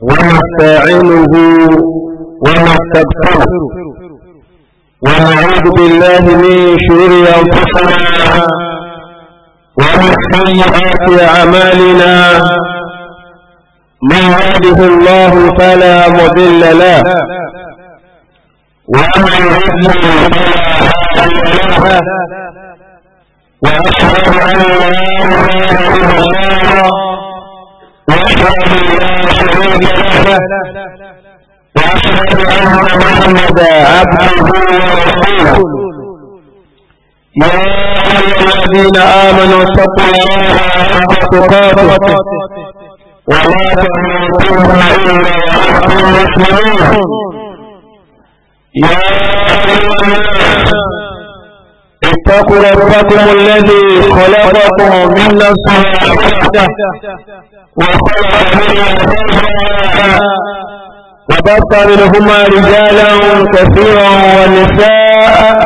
ونستعينه استغفره ونعوذ بالله من شرور أنفسنا ومن سيئات أعمالنا من يهده الله فلا مضل له ومن يضلل فلا هادي له واشهد ان لا اله الا الله وحده لا شريك له واشهد ان محمدا عبده ورسوله يا ايها الذين امنوا اتقوا الله حق تقاته ولا تموتن الا وانتم مسلمون يا ايها الناس اتقوا ربكم الذي خلقكم من نفس واحدة وخلق منها وبث منهما رجالا كثيرا ونساء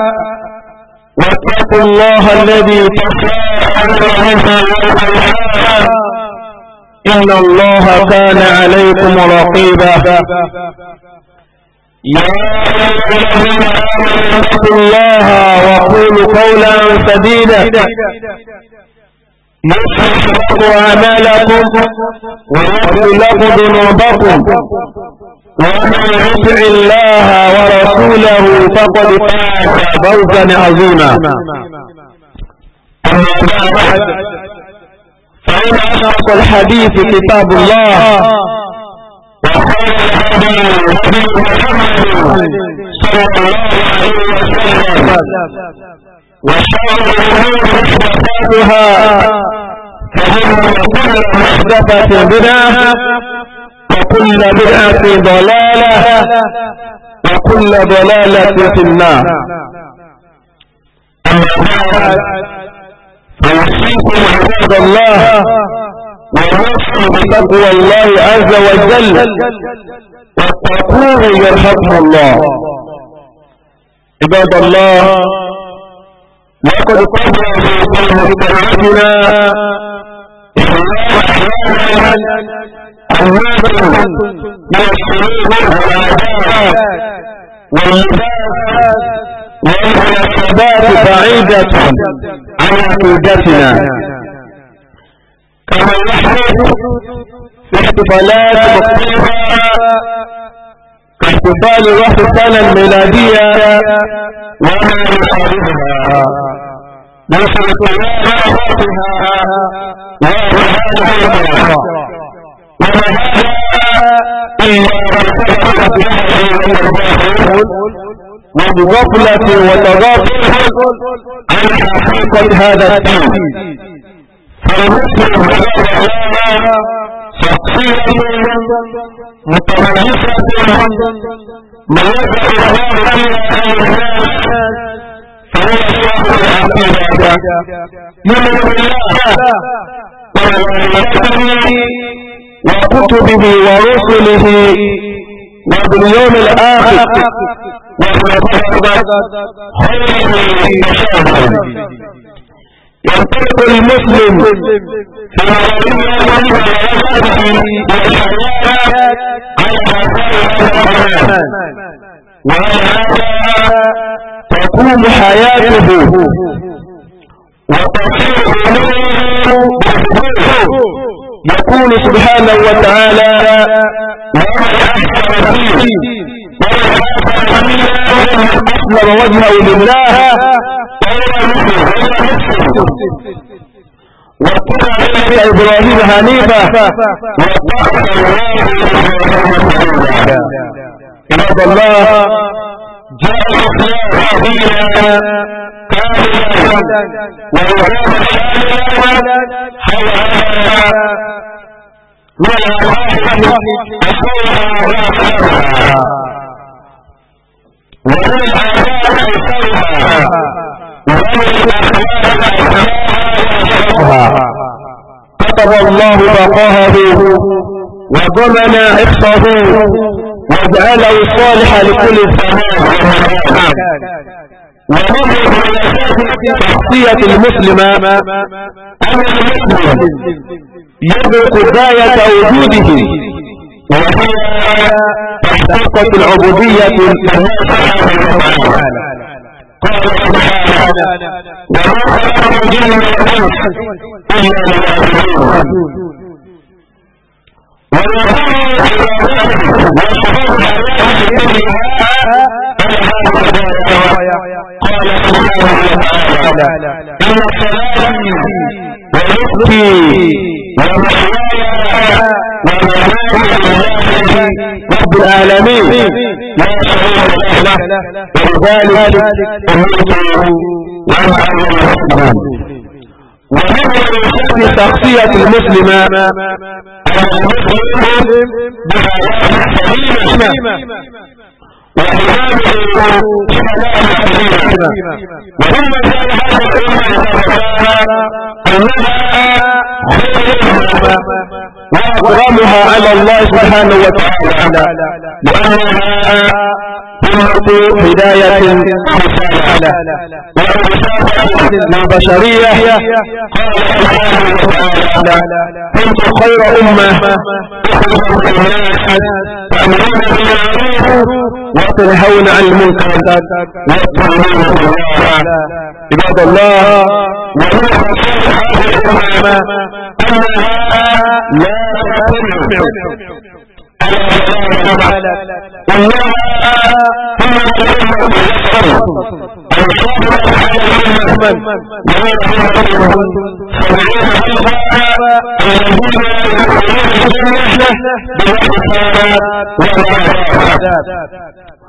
واتقوا الله الذي تساءلون إن الله كان عليكم رقيبا يا الذين الله وقولوا قولا سديدا يصلح لكم أعمالكم ويغفر لكم ذنوبكم ومن يطع الله ورسوله فقد فاز فوزا عظيما أما بعد فإن أشرق الحديث كتاب الله صلى الله عليه وسلم وشر الأمور محدثاتها فإن كل محدثة بدعة وكل بدعة ضلالة وكل ضلالة في النار أما بعد فيوصيكم عباد الله ونفسي بتقوى الله عز وجل واتقوه يرحمه الله عباد الله لقد قضى في مجتمعنا أنواع من الشرور والعداء واللباس والمناسبات بعيدة عن عقيدتنا كما يحفظ في احتفالات كاحتفال روح السنة الميلادية وما يقاربها نشر وما إلا وبغفلة وتغافل عن حقيقة هذا الدين والمسلم غير شخصيا متميزة من يدعو غير الناس فهو صاحب العقيدة يؤمن بالله وملائكته وكتبه ورسله وباليوم الآخر وهو خير من ينطلق المسلم في مواضيع الامر والعبد والحياه على اثار وهذا تكون حياته وتصير عليه يقول سبحانه وتعالى ومن احسن فيه ومن احسن فيه ومن اسلم وجهه لله وكنا نبي إبراهيم حنيفا عباد الله جاء الإسلام دينا كاملا وإبراهيم حيث من الأخلاق التي كتب الله بقاها وضمن حفظه واجعله صالحا لكل سماء ونظر الى الشخصية المسلمة أن المسلم يدرك غاية وجوده وهي تحقيق العبودية لله سبحانه وتعالى قال سبحانه وما خلق الجن والانس الا ليعبدون ويقول الله وشهد على اهل قال سبحانه وتعالى إن صلاتي ونفسي ومحياي ومماتي رب العالمين لا شريك له ولذلك أمرت وأنا أول مسلم ومن من شخصية المسلمة المسلم بحياة سليمة وحياة ولما كان هذا الامر اذا انها خير وأكرمها على الله سبحانه وتعالى لأنها أمة هداية رسالة من بشرية قال سبحانه وتعالى كنت خير أمة تأمرون وتنهون عن المنكر وتؤمنون عباد الله وهو رسول أنها لا تطلعوا على الله تعالى والله هم الذين يذكرون ويقولون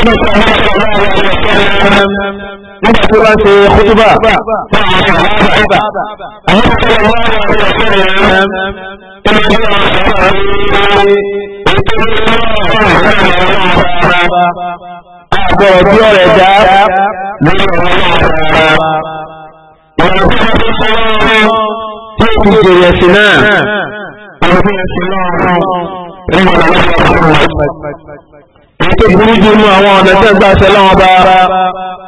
النبي صلى الله عليه وسلم نذكر في خطبة أنه صلى الله عليه وسلم أخبرت ورجع Títí jẹyẹsì náà, àwọn ọmọ ìyẹsì náà rán, ẹ̀rọ ìyẹsì náà rán tó burú jù nú àwọn ọ̀nà tẹ́ gbà ṣe lọ́wọ́ bá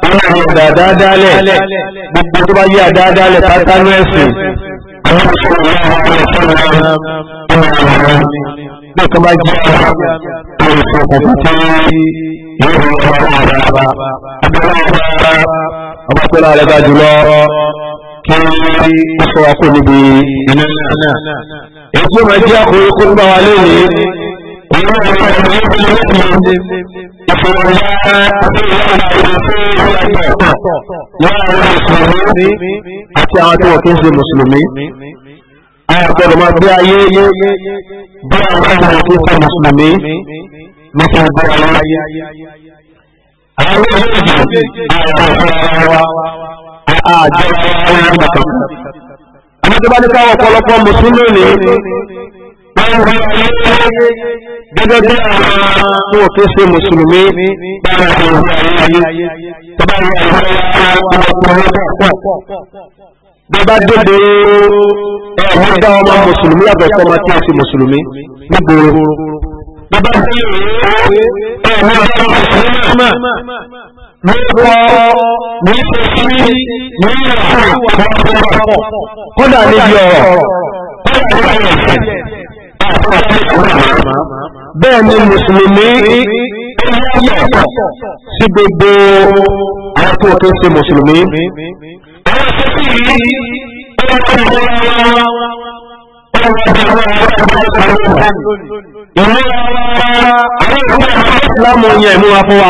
wọn ní ọ̀dà dáadáalẹ̀ gbogbo tó bá yí àdáadáalẹ̀ pátá ní ẹ̀sìn bí kan bá jẹ́ olùsọ̀kùn pàtàkì yóò rí ọ̀rọ̀ ọ̀rọ̀ ọba tó lára ẹ̀ka jùlọ kí ó sọ wa kó níbi iná náà. èyí tí ó máa jẹ́ àkórí kó ń bá wa lónìí àti àwọn tí wọ́n kí ń ṣe mùsùlùmí àyàgbọ́dọ̀ máa gbé ayé bí àwọn tí wọ́n kí ń ṣe mùsùlùmí mọ́tò ọgbọ́n àwọn ayé àwọn ilé ìjọba àwọn àjọ àwọn ìjọba àwọn ìjọba ní káwọn ọ̀pọ̀lọpọ̀ mùsùlùmí gẹ́gẹ́ bí àwọn tí wọ́n fi ṣe mùsùlùmí bára ṣe wọ́n ayé ayé tọ́ba yìí àwọn ọmọkùnrin pọ̀ bàbá dòde ẹ̀wọ́n dá ọmọ mùsùlùmí àbẹ̀tọ́ ọmọ tí wọ́n ṣe mùsùlùmí nígboro bàbá dòde ẹ̀wọ́n dá ọmọ mùsùlùmí nípa nípa sí nípa sí kódà níbi ọ̀rọ̀ kódà níbi ọ̀rọ̀ bẹ́ẹ̀ ni mùsùlùmí yàtọ̀ sí gbogbo àwọn tó tó ṣe mùsùlùmí ìlú àwọn ìlú ìsìlámù yẹn mú wa fún wa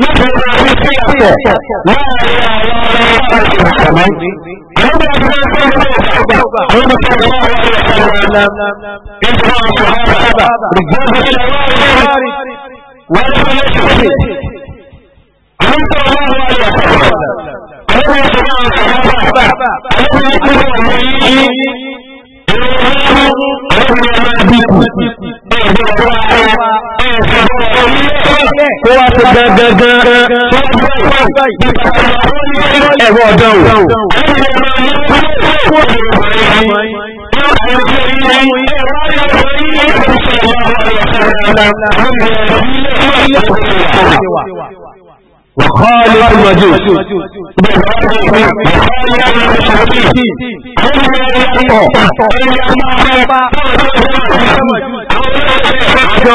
lórí ọ̀rọ̀ sí ẹ̀kọ́ láàrin àwọn ọ̀rọ̀ ìpàdé ìpàdé àwọn ọmọ ọmọ ọgbà àwọn ọmọ ọmọ ọgbà ìjọba ọ̀sọ̀rọ̀ àbá ìjọba ìlọrin wọ́n ti lè ṣe àwọn ọmọ ọmọ ọgbà àwọn ọmọ ọmọ ọgbà ó wá ṣe gangan ẹ̀rọ ọ̀dọ́ o. وخالق المجوس وخالق المجوس àjọ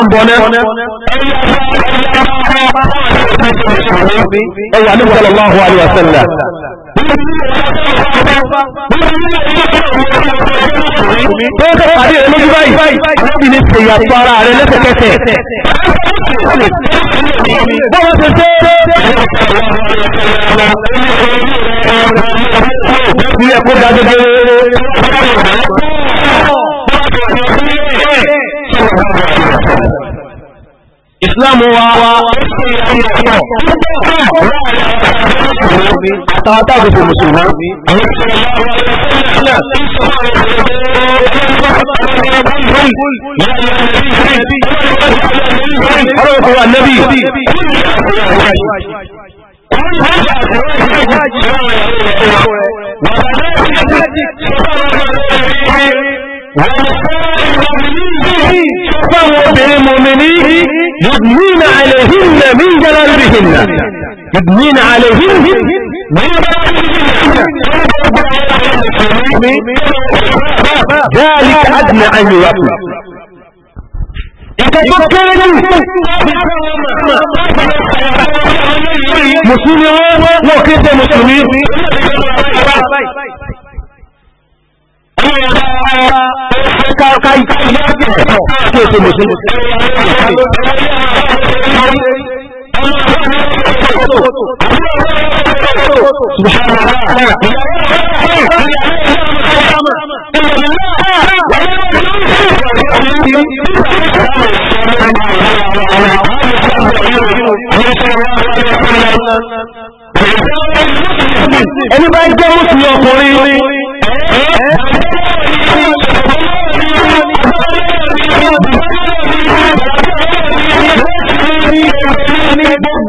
ń bọ̀nẹ́ ẹ̀yà ní sallallahu alaihi wasallam tó ń tẹ́lẹ̀ pàdé rẹ lójú báyìí láti lè ṣe ìyàtọ̀ ara rẹ lẹ́sẹ̀kẹsẹ̀ bọ́wọ́ ṣe ṣe ilé ẹ̀kọ́ dájọ́ इस्लाम आता किसी मुसलमान नबी المؤمنين يبنين عليهن من جلالهن يبنين عليهن من ذلك أدنى أن يوفي تفكرني مسلمين وكيف مسلمين ká ìka ilé ẹ̀kẹ́ tí o ṣe mùsùlùmí. ẹni bá jẹ́ mùsùlùmí ọkùnrin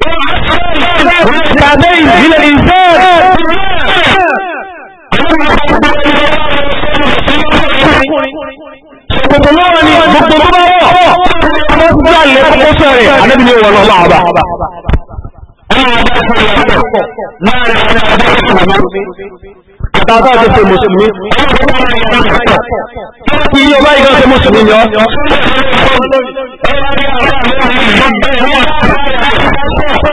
والكعبين إلى الإنسان Kòkòlóra ni gbogbo tó bá wọ̀, ọmọ ìgbà lè kọ́kọ́ sẹ́rẹ̀, àdébìnrin wọ̀ lọ́wọ́ àbá. Àtàtà ti ṣe Mùsùlùmí. Kí ni ọba ìgbà ṣe Mùsùlùmí yọ?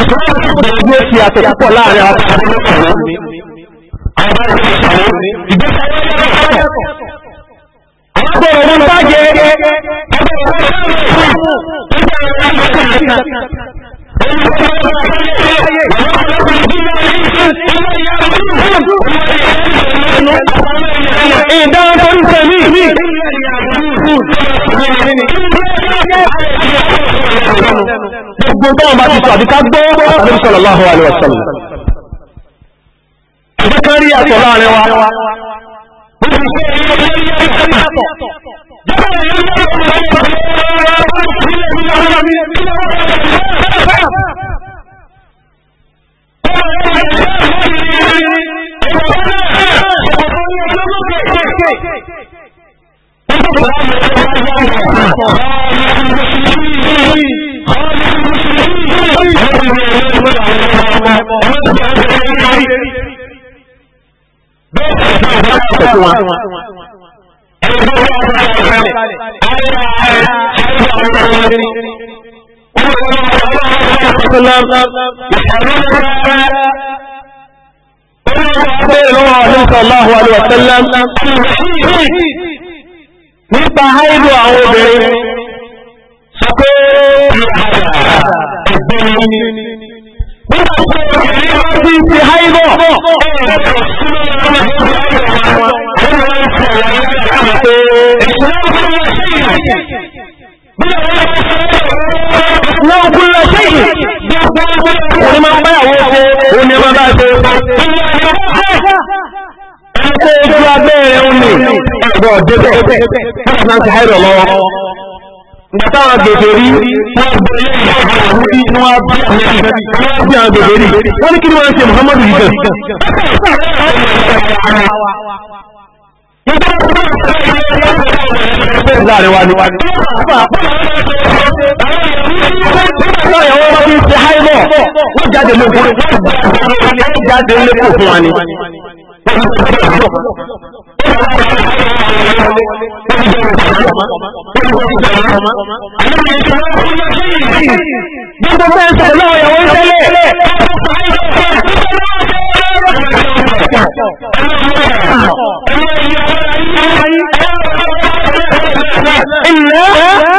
ìṣòro ìṣòro ìgbé ti àtọ̀ púpọ̀ láàrin àwọn ọ̀sán ní ọ̀rọ̀ àwọn ọ̀sán ní ìṣòro ìgbésẹ̀ ní ọ̀sán Àwọn ọ̀rọ̀ ń bájẹ́ ẹgbẹ́ ìdáwọn tó ń tẹ̀lé ìlú ìlú ìlú gbogbo táwọn bá ti sọ àbíká gbọ́ àbí sallallahu Thank you sallallahu alaihi wasallam nípa haidu àwọn obìnrin sọ pé ọ̀gbẹ́ni nígbà tí obìnrin bá ti ti háìbọ̀ wọ́n kú lọ sí yìí bí wọ́n máa ń báyàwó ṣe òun ni wọ́n bá ṣe ẹni tó ojú abẹ́rẹ́ òun ni ẹ̀gbọ́n débẹ̀ wọ́n sì máa ń ṣe háìbọ̀ lọ́wọ́ gbàtà àwọn gègèrí wọn bọ ilé ìjọba àwọn ní wọn bí wọn bí àwọn gègèrí wọn ní kí ni wọn ṣe muhammadu yìí gan. láàrin wa ni wa ni. wọ́n yàwó wọn fi ṣe háìmọ̀ wọ́n jáde lóko wọ́n jáde lóko fún wa ni. Gbogbo fẹ́ sọ̀rọ̀ lọ́wọ́ ìyàwó ìṣẹ́lẹ̀. Ìlú ẹ̀rọ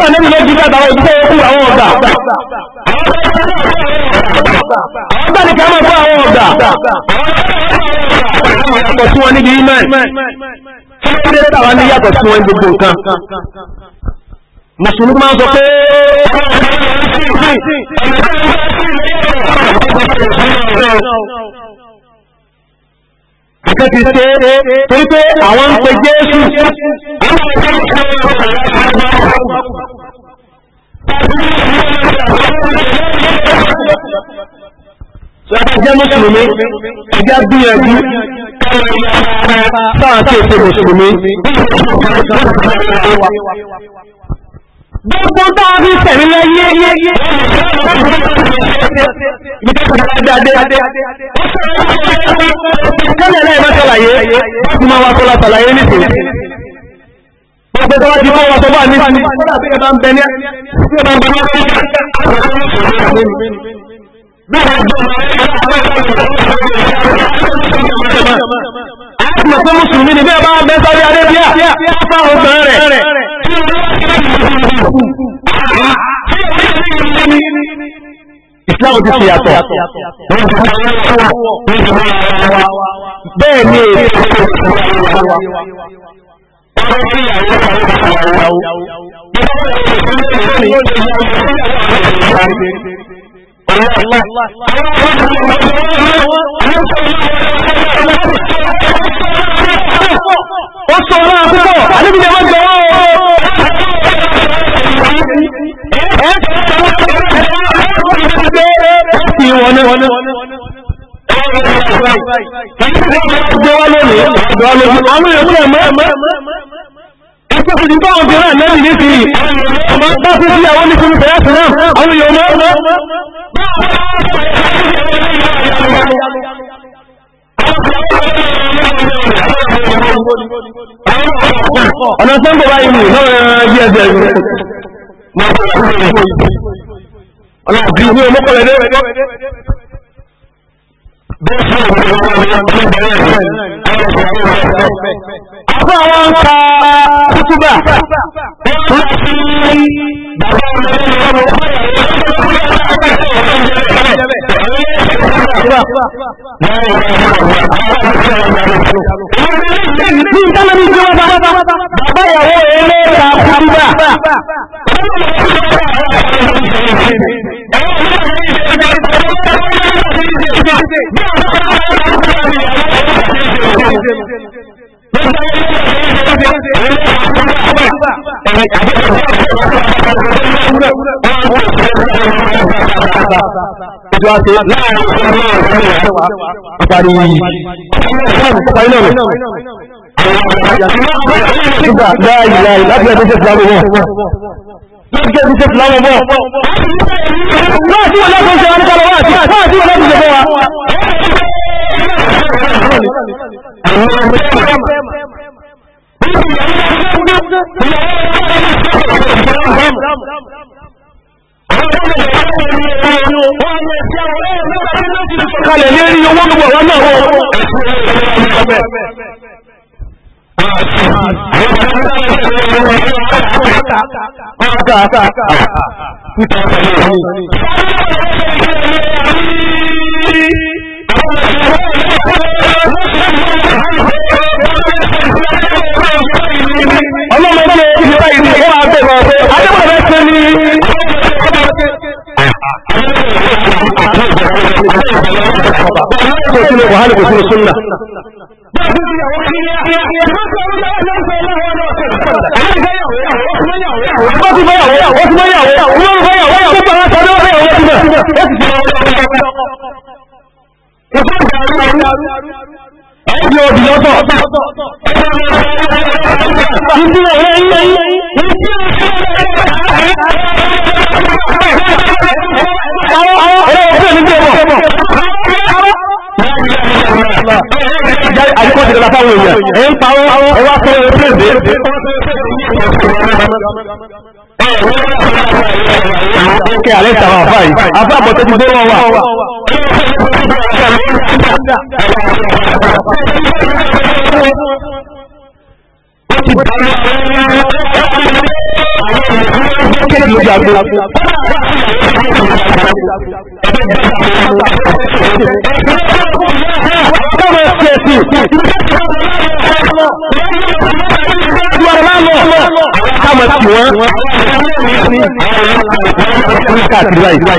fún ànábì ló jí bàtà àwọn òṣìṣẹ́ yòókù àwọn ọ̀gbà. àwọn bá ní kí a máa fún àwọn ọ̀gbà. àwọn yàtọ̀ sí wọn níbi imẹ́. kí ló dé táwa ní yàtọ̀ sí wọn gbogbo nǹkan. mùsùlùmí máa ń sọ pé Akẹ́ ti ṣe é torí pé àwọn ń pe Jésù. Láti jẹ́ Mùsùlùmí, ẹjá gbìyànjú, sáà tí èsè Mùsùlùmí gbogbo tá a fi tẹ̀mí lẹ́yẹ tẹ́lẹ̀ náà ìbá ṣàlàyé láti máa wá sọ́lá ṣàlàyé nìsín gbogbo tó wá ti kó wa tó bá nìsín kódà bí ẹ bá ń bẹ ní bí ẹ bá ń bẹ ní bẹ́ẹ̀ ni ọjọ́ ìgbà mọ̀ pé mùsùlùmí ni bí ẹ bá ń bẹ sáré adébíyà fáwọn obìnrin rẹ̀ Islam ti ṣe yàtọ̀. Bẹ́ẹ̀ ni èyí ti ṣe ìṣòro wa. Ọ̀rọ̀ sí ìyàwó ìyàwó ìyàwó. Ó sọ̀rọ̀ àkúkọ̀, àdébìnrin ẹ̀wọ̀n jẹ́ wọ́n. Ìpòsìdì bá wọn bèèrè àmẹ́rì ní ti rí, ọmọ bá fún sí àwọn oníkùnrin fẹ̀yà sí náà, àwọn èèyàn mọ́. Ọ̀nà sọ́gbọ̀ báyìí mú lọ́wọ́ ẹgbẹ́ ẹgbẹ́ ẹgbẹ́ máa bọ̀ láti rẹ̀ ọlọ́ọ̀bí ní olókọ̀lẹ̀ dé bẹ́ẹ̀ sí ìwé ọmọ mi ọmọ mi bẹ̀rẹ̀ rẹ̀ ọmọ àwọn ka kútúbà tó ń fi bàbá ọmọ mi ọmọ mi bàbá ìyàwó eré ta kúrúbà Thank you. ojú wa ṣe láàrin ìṣẹ́lẹ̀ ìṣẹ́lẹ̀ àparí ìṣẹ́lẹ̀ láàyè láti ẹgbẹ́ ṣe fúláwọ̀ wọ̀ láti ẹgbẹ́ ṣe fúláwọ̀ wọ̀ náà tí wọ́n lọ́kọ̀ọ́ ṣe wọn kọ́ lọ́wọ́ àti náà tí wọ́n lọ́kọ̀ọ́ ṣe wọn wa. Thank you kalẹ̀ lérí owó gbogbo àwọn náà wọ́n. Ọlọ́mọdé ìjọba ìdílé wà bẹ̀rẹ̀ ọ̀fẹ́, Adébọ̀dé fẹ́ ní wàhálà kò sínú súnà Ẹgbẹ́ obì lọ́tọ̀, ìdí ọ̀rẹ́ ilẹ̀ yìí, ìdí ọ̀rẹ́ ilẹ̀ yìí, ti dọ̀la fáwọn èèyàn ẹ̀ ń pawọ́ ẹ wá fẹ́ ẹ pèsè. Kí alẹ́ tàwọn àfa yìí, àfa àbọ̀tẹ́ ti dé wọn wà. Ó ló jago. Káma tí wọ́n káàkiri báyìí.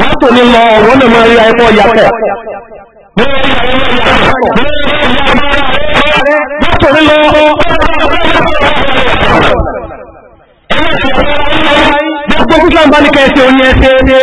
látò ní lọ wọ́n lè máa rí ọkọ̀ yàtọ̀ látò ní lọ gbogbo islam bá ní kẹsẹ̀ oní ẹsẹ̀ ẹsẹ̀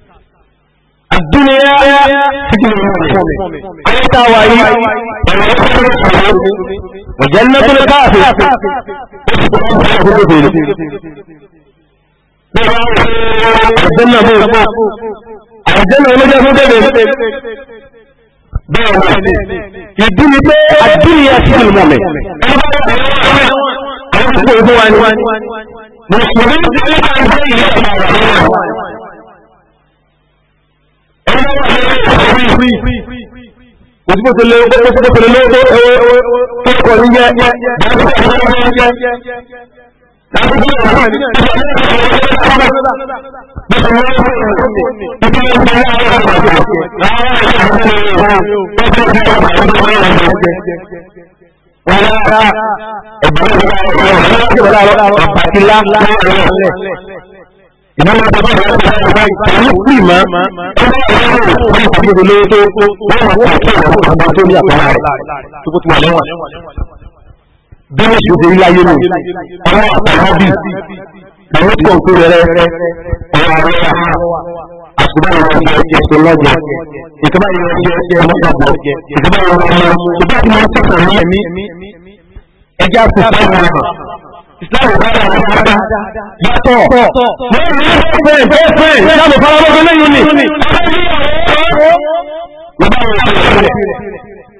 àdúnyá fíjìlì fún mi. ayé tá a wà yí ẹ̀rọ ìfẹ́ ìfẹ́ ọ̀jẹ̀ lẹ́tọ́lẹ́ káàfin ó sì kọ́ ọ́n fún ọdún bèbè. ọ̀jẹ̀ náà bó ọ̀jẹ̀ náà ló jẹ́ fún bèbè. bẹ́ẹ̀ ni ìdí ni pé àdúnyá fíjìlì mọ̀ mi. Mùsùlùmí ti ń bá ìgbé ìlú ọ̀rọ̀ free kò sí kòtò lówó kòtò kòtò lówó ẹwọ kòkò ní yẹ Wàhálà ẹ̀bùn ìgbà ọ̀rọ̀ ọ̀rọ̀ ọ̀rọ̀ ọ̀pàtìlá ọ̀rọ̀ ọ̀lẹ̀ ìdáná ọba bá wọn bá wọn báyìí pè má wọn kò tó lówó tó wọn àwọn ọ̀tún àwọn ọba tó ní àpárá rẹ̀ tó kó ti wà lẹ́wọ̀n. bí wọ́n ṣe ń láyé nù àwọn àpárá bí àwọn tó ń kó rẹ̀ ọ̀rọ̀ àwọn àkùrá àwọn ọba ẹ̀sùn lọ́jà ìjọba yìí wọ́n jẹ́ ẹ̀jẹ̀ mọ́tàbọ̀ ìjọba yìí wọ́n mọ́ ìjọba tí wọ́n tẹ̀sán ní ẹ̀mí ẹ̀jẹ̀ àkùrá ìsìláàmù rárá àwọn ará yàtọ̀ lẹ́yìn ní ọ̀pẹ̀ ìfẹ́fẹ́ ìsìláàmù faramọ́gbọ́n lẹ́yìn ní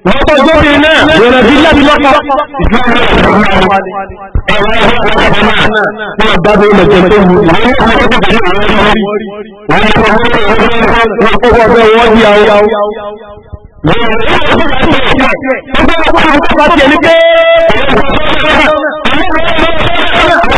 wọ́n tó jóbi náà wọ́n bí láti lọ́pọ̀ wọ́n gbádùn ilẹ̀ jẹ́ tó wù wọ́n kó wọ́n bẹ́ wọ́n di àwọn wọ́n bá wọ́n bá tiẹ̀ ní pé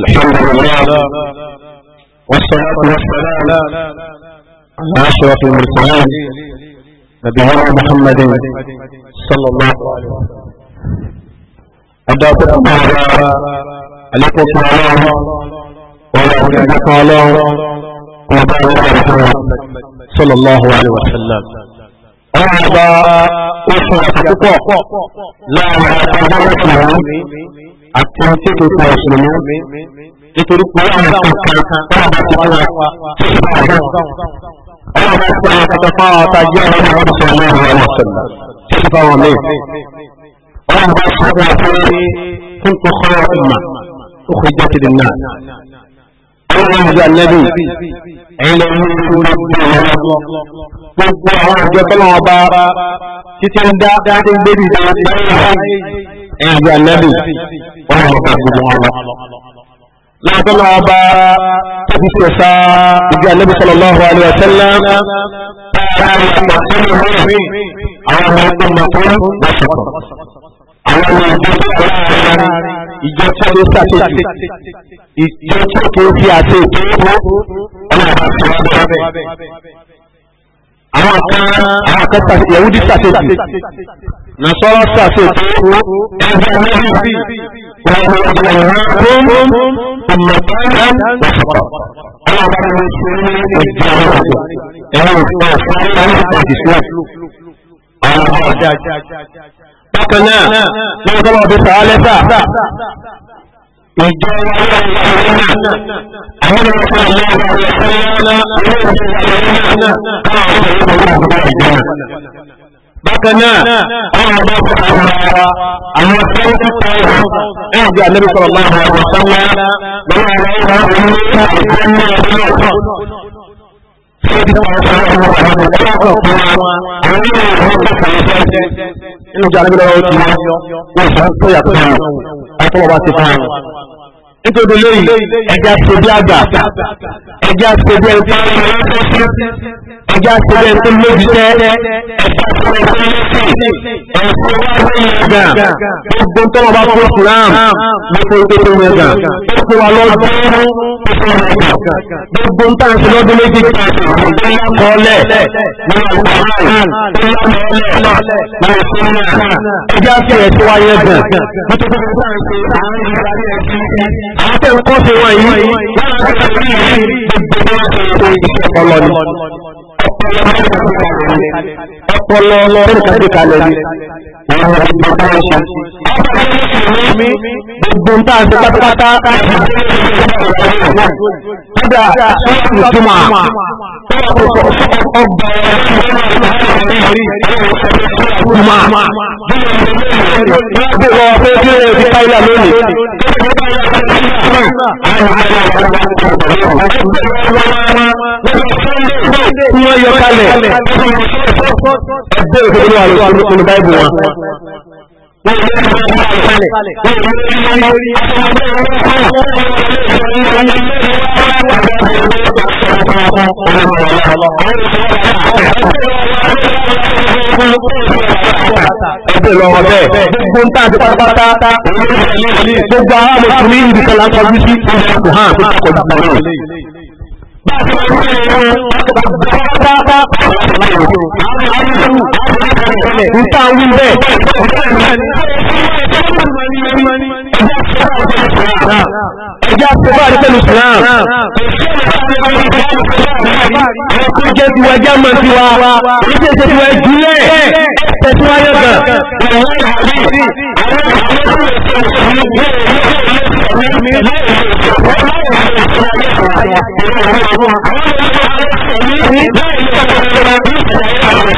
الحمد لله والصلاة والسلام على أشرف المرسلين نبينا محمد صلى الله عليه وسلم أدعوك الله عليكم السلام وعلى الله محمد صلى الله عليه وسلم أعضى أسرة تقوى لا يتبرك àti ohun tí kò pa ìṣòro nítorí pé àwọn kan kan báwọn bá ti fún wa tí ó bá wọn. Àwọn bá ti fún wa kọ́kọ́ fún àwọn ọ̀tá jẹ́ ọ̀rọ̀ àwọn ọ̀sán náà wọ́n wọ́n sọ̀rọ̀ tí ó bá wọn lé. Wọ́n bá ti fún wa pé fún tó kọ́ ọ̀ma ó kò jẹ́ tìrì náà. Àwọn ọmọ ìjọ ẹ̀yin lè mú ìlú náà bí wọ́n lọ. Gbogbo àwọn ìjọ tọ́lọ́wọ́n bá títí ń dá dá ẹ̀yìn àjọ ànábì wọ́n mọ̀ ká gbogbo wọn lọ. Láàbọ̀ náà bá tóbi tó sá ìgbé ànábì sallallahu alaihi wasallam láàrin ọmọ tó ń rí àwọn ọmọ tó ń mọ̀tò lọ́sọ̀tọ̀. Àwọn ọmọ ìjọ tó kọ́ láàrin ìjọ tó lè ṣàtẹ̀jù. Ìjọ tó kò fi àti ìpínlẹ̀ ọmọ àti ọmọ àwọn akẹ́kọ̀ọ́ yahudi sàṣẹ́sì nasọ́rọ́ sàṣẹ́sì Bákan náà, lọ́wọ́ tọ́wọ́ bí sàálẹ́sà ìjọ bákan náà àwọn ọmọ ọmọ ọmọ àwọn sẹ́wọ́n tààrà ẹ̀yìn bí alẹ́bí sọ̀rọ̀ máa ń wà wọ́n sọ́wọ́ lọ́wọ́ àwọn ọmọ ọmọ ọmọ ọmọ ọmọ inú jẹ́ alágbèrè ọ̀rọ̀ ti wọ́n wọ́n sọ pé yàtọ̀ náà ọ̀pọ̀lọpọ̀ bá ti fún wọn. nítorí lóyìn ẹja ṣe bí àgbà ẹja ṣe bí ẹni tó ń lọ sí ẹja ṣe bí ẹni tó lóbi tẹ ẹ̀sìn wá lóyìn ẹ̀gà gbogbo tó wọn bá fún ọkùnrin ààrùn ló fún ìgbésẹ̀ wọn ẹ̀gà ó pé wa lọ́dún gbogbo ń tàn sí lọ́dún méjì kan ní àkọọ́lẹ̀ ní àkọọ́lẹ̀ ní àkọọ́lẹ̀ ní àkọọ́lẹ̀ ẹjẹ́ àti ẹ̀ tí wá yẹ gùn nítorí pé tàn sí àwọn ìgbàlẹ̀ àwọn tẹ̀ ń kọ́ sí wọn yìí wọ́n á ti rí ìrí gbogbo wọn ti ṣe iṣẹ́ ọpọlọ ni ọpọlọ lọ́rùn kàdé kalẹ̀ ni àwọn ọmọ ọmọ ọmọ ọmọ gbogbo ń tàn sí pátápátá kódà sọ́ọ̀tù túmọ̀ ọgbà túmọ̀ bí wọ́n fẹ́ kí ẹ fi táyà lónìí. Wọ́n yọ kalẹ̀ ẹgbẹ́ ìfowópamọ́ olùbáìbù wọn wọ́n yẹ kí wọ́n máa balẹ̀ wọ́n yẹ kí wọ́n máa rí ẹgbẹ́ lọ́wọ́ bẹ́ẹ̀ gbogbo ń tàbí pátápátá gbogbo àwọn mùsùlùmí ìdìkan lásán bí sí ìṣàkóso hàn tó kọjú náà bá a ti wọ́n ń rí ẹ̀rọ pátápátá nta wí bẹ́ẹ̀. ẹjẹ́ àtúbà rí pẹ̀lú Islam. ẹkún jẹ́ tiwa ẹjẹ́ àmọ́ tiwa oríṣi ètò tiwa ìjúlẹ̀ ẹ̀sẹ̀ tiwa yọ̀gàn. Thank you.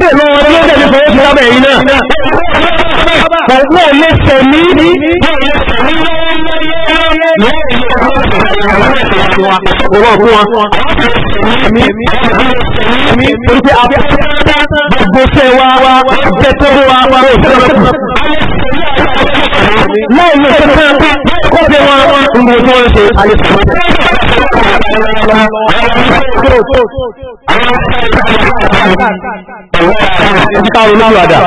dẹ̀ lọ wọn lọ́dẹ̀ ní fọwọ́ sí lábẹ̀ yìí náà ọ̀pọ̀ lè tẹ̀mí ọ̀rọ̀ fún wa torípé gbogbo fẹ́ wa jẹ́ tó wa wọ́n láì lè tẹ́tẹ́ kọ́ bí wọn ń bọ̀ Ìjìká olúwàdà.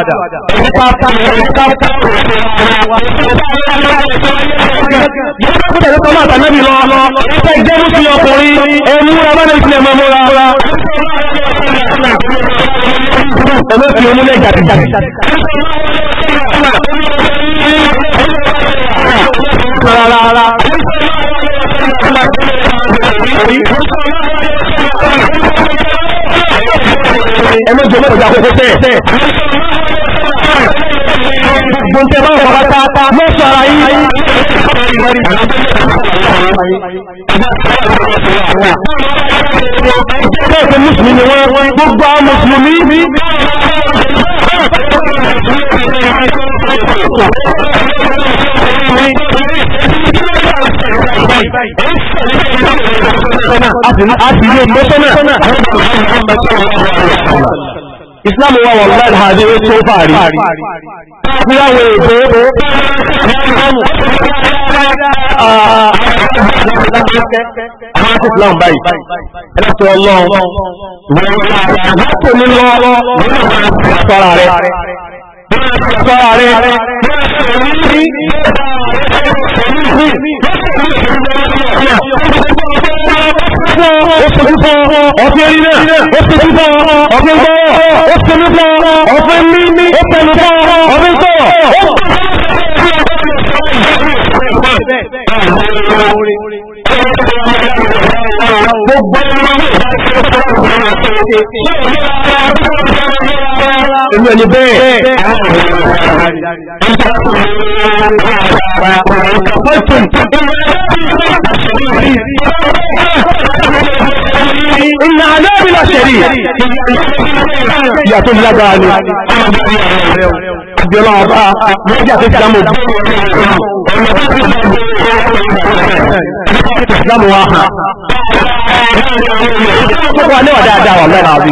Ìjìká Kúrẹ̀ lọ́pọ̀ máa tàbí lọ, ẹgbẹ́ ìjẹ́ mú sí ọkùnrin, ẹmú ọmọdé ìpínlẹ̀ mọ́mọ́ra. Ọmọ fi omúlẹ̀ jàdìjàdì. ẹlẹ́jọ́ kọjá kókó tẹ́ gbọ́ntẹ́ bá wà pátá mọ́sọ̀ ara yìí Bẹ́ẹ̀kẹ́ Mùsùlùmí ni wọ́n gbogbo àwọn Mùsùlùmí ní báyìí a sì yé mọ́sánà islam wa wà láì hàdé ó tó fàárí fúláwò èdè àwọn tí islam báyìí ẹlẹ́tọ̀ ọlọ́run látò ní lọ sọ́ra rẹ̀ sọ́ra rẹ̀ yàn ó sojú fún ọ̀fẹ́ rí náà ó sojú fún ọ̀fẹ́ gbọ́rọ̀ ó sojú fún ọ̀fẹ́ mímí ó pẹ̀lú fún ọ̀fẹ́ sọ̀rọ̀ ó gbogbo ẹni bẹ́ẹ̀ Ìnà àlẹ́bí lọ ṣẹ̀rí. Ìyàtọ̀ lágbára ni. Àbíọ́lá ọba lọ́jà tó dámò bí. Ìsìlámù wa hàn. Ìsìlámù wa dáadáa wà lọ́nà àbí.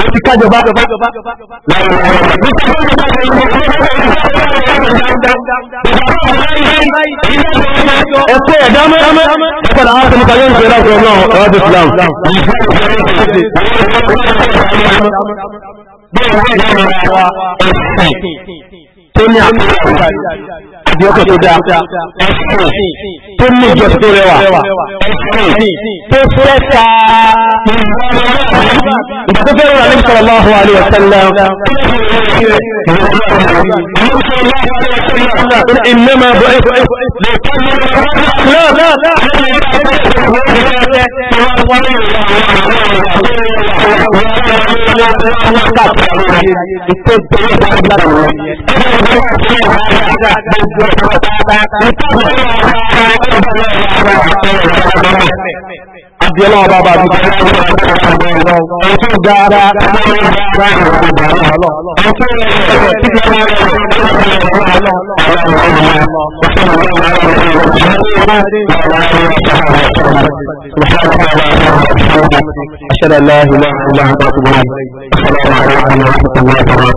ó ti kájọba ẹ̀kọ́ ẹ̀dá mẹ́rẹ́mẹ́ ọ̀pọ̀lá àwọn akẹ́kọ̀ọ́ yóò ṣe láti ọlọ́run ọ̀rọ̀ Islam tó ní àkókò àti ọkọ̀ tó dáa ẹ̀sìn tó ní ìjọsìn tó rẹwà ẹ̀sìn tó fẹ́ sáà استفر عليه صلى الله عليه وسلم إنما بعث Abiola ọba bàbá mi kò tó tó tó tó tó lọ. Ẹ tún gba ara ẹgbẹ́ ìgbà ìgbà ìgbà lọ. Ẹ tún lọ sí ẹgbẹ́ ìgbà ìgbà lọ. Ẹ tún lọ sí ẹgbẹ́ ìgbà ìgbà lọ. أشهد أن لا إله إلا الله وبركاته السلام عليكم ورحمة الله وبركاته